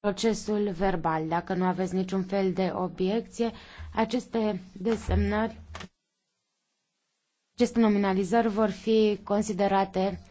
procesul verbal. Dacă nu aveți niciun fel de obiecție, aceste desemnări, aceste nominalizări vor fi considerate